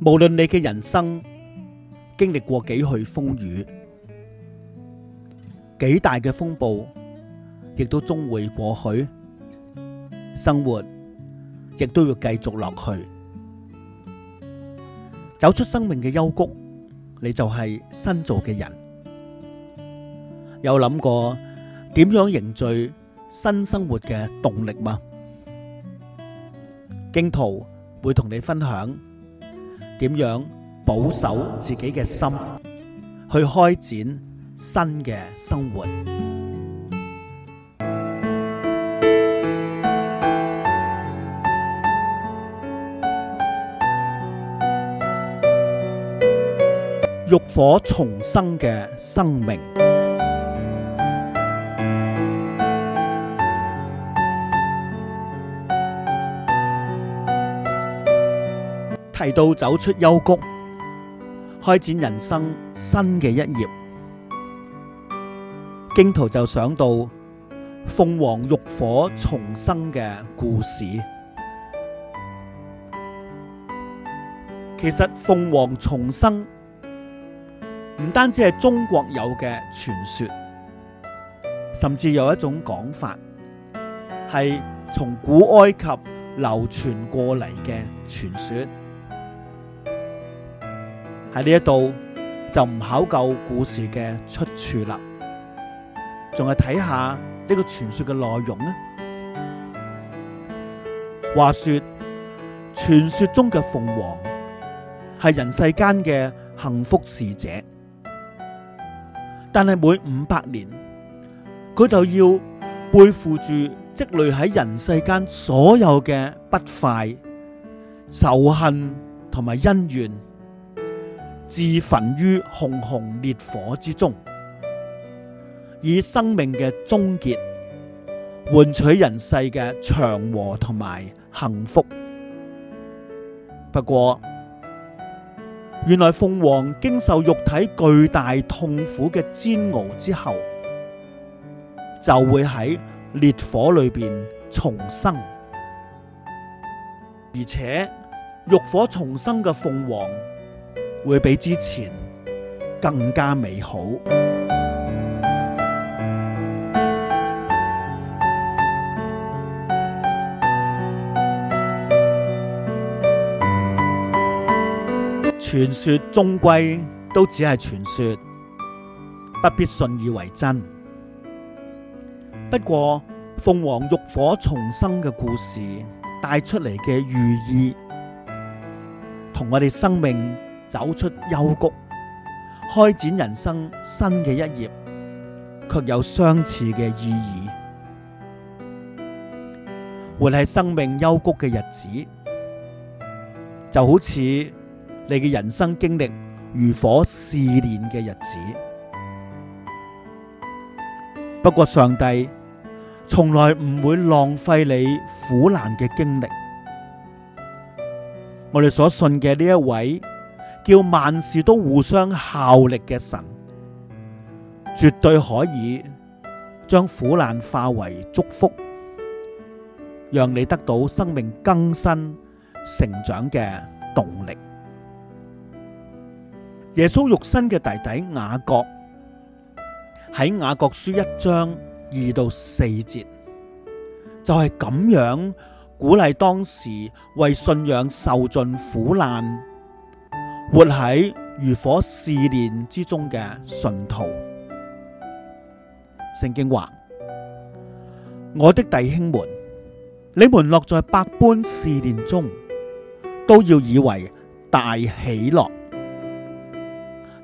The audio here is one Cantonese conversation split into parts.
無論你嘅人生經歷過幾許風雨，幾大嘅風暴，亦都終會過去。生活亦都要繼續落去，走出生命嘅幽谷，你就係新造嘅人。有諗過點樣凝聚新生活嘅動力嗎？荊徒會同你分享。點樣保守自己嘅心，去開展新嘅生活，浴火重生嘅生命。嚟到走出幽谷，開展人生新嘅一頁，荊徒就想到鳳凰浴火重生嘅故事。其實鳳凰重生唔單止係中國有嘅傳說，甚至有一種講法係從古埃及流傳過嚟嘅傳說。喺呢一度就唔考究故事嘅出處啦，仲係睇下呢個傳說嘅內容呢。話說，傳說中嘅鳳凰係人世間嘅幸福使者，但係每五百年，佢就要背負住積累喺人世間所有嘅不快、仇恨同埋恩怨。自焚於熊熊烈火之中，以生命嘅終結換取人世嘅祥和同埋幸福。不過，原來鳳凰經受肉體巨大痛苦嘅煎熬之後，就會喺烈火裏面重生，而且浴火重生嘅鳳凰。會比之前更加美好。傳說終歸都只係傳說，不必信以為真。不過，鳳凰浴火重生嘅故事帶出嚟嘅寓意，同我哋生命。走出幽谷，開展人生新嘅一頁，卻有相似嘅意義。活喺生命幽谷嘅日子，就好似你嘅人生經歷如火試煉嘅日子。不過上帝從來唔會浪費你苦難嘅經歷。我哋所信嘅呢一位。叫萬事都互相效力嘅神，絕對可以將苦難化為祝福，讓你得到生命更新、成長嘅動力。耶穌肉身嘅弟弟雅各喺雅各書一章二到四節，就係咁樣鼓勵當時為信仰受盡苦難。活喺如火試煉之中嘅信徒，聖經話：我的弟兄們，你們落在百般試煉中，都要以為大喜樂，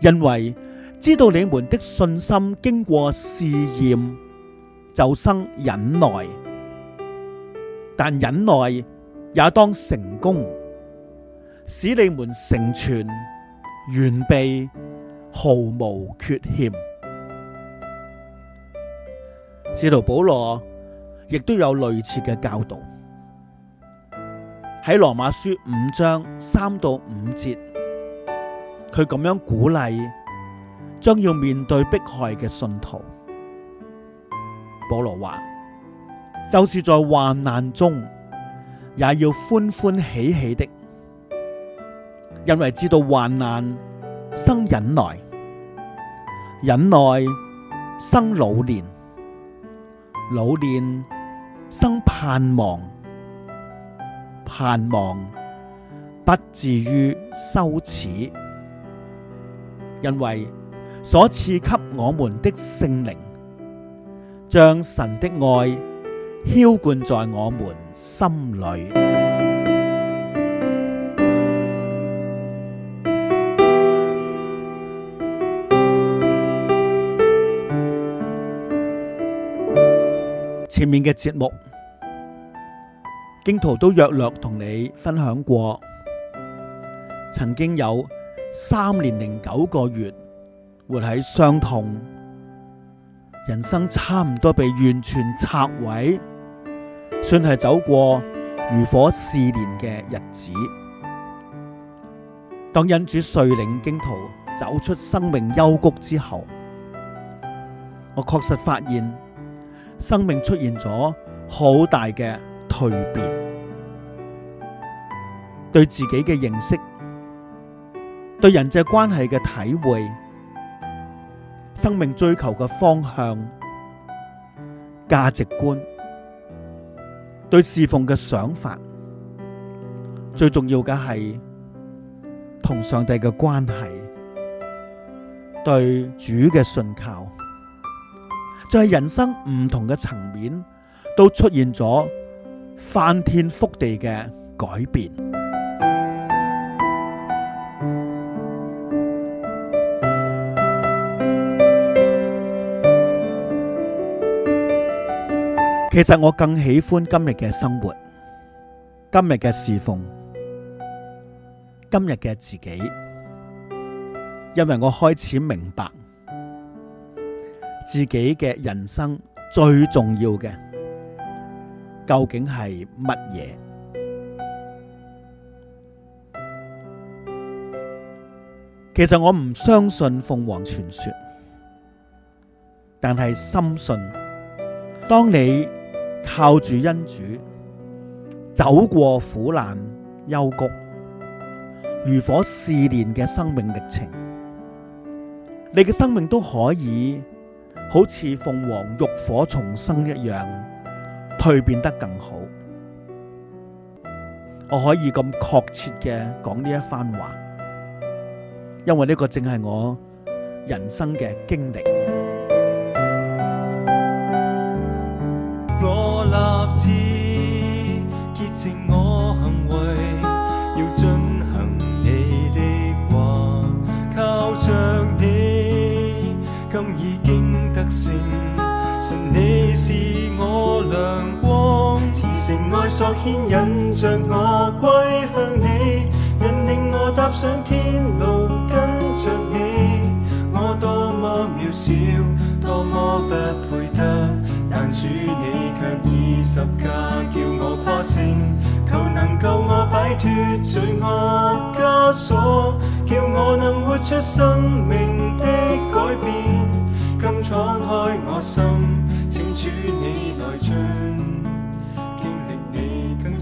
因為知道你們的信心經過試驗，就生忍耐。但忍耐也當成功。使你們成全完備，毫無缺欠。使徒保羅亦都有類似嘅教導，喺羅馬書五章三到五節，佢咁樣鼓勵將要面對迫害嘅信徒。保羅話：，就是在患難中，也要歡歡喜喜的。因為知道患難生忍耐，忍耐生老年，老年生盼望，盼望不至於羞恥，因為所賜給我們的聖靈，將神的愛澆灌在我們心裏。前面嘅節目，荊徒都略略同你分享過，曾經有三年零九個月活喺傷痛，人生差唔多被完全拆毀，算係走過如火試煉嘅日子。當恩主率領荊徒走出生命幽谷之後，我確實發現。生命出現咗好大嘅蛻變，對自己嘅認識，對人際關係嘅體會，生命追求嘅方向、價值觀，對侍奉嘅想法，最重要嘅係同上帝嘅關係，對主嘅信靠。在、就是、人生唔同嘅層面都出現咗翻天覆地嘅改變。其實我更喜歡今日嘅生活，今日嘅侍奉，今日嘅自己，因為我開始明白。自己嘅人生最重要嘅究竟係乜嘢？其實我唔相信鳳凰傳說，但係深信，當你靠住恩主走過苦難幽谷，如火試煉嘅生命歷程，你嘅生命都可以。好似鳳凰浴火重生一樣，蛻變得更好。我可以咁確切嘅講呢一番話，因為呢個正係我人生嘅經歷。牽引着我歸向你，引領我踏上天路跟着你。我多麼渺小，多麼不配得，但主你卻以十架叫我誇勝，求能夠我擺脱罪惡枷鎖，叫我能活出生命的改變，更敞開我心，請主你來進。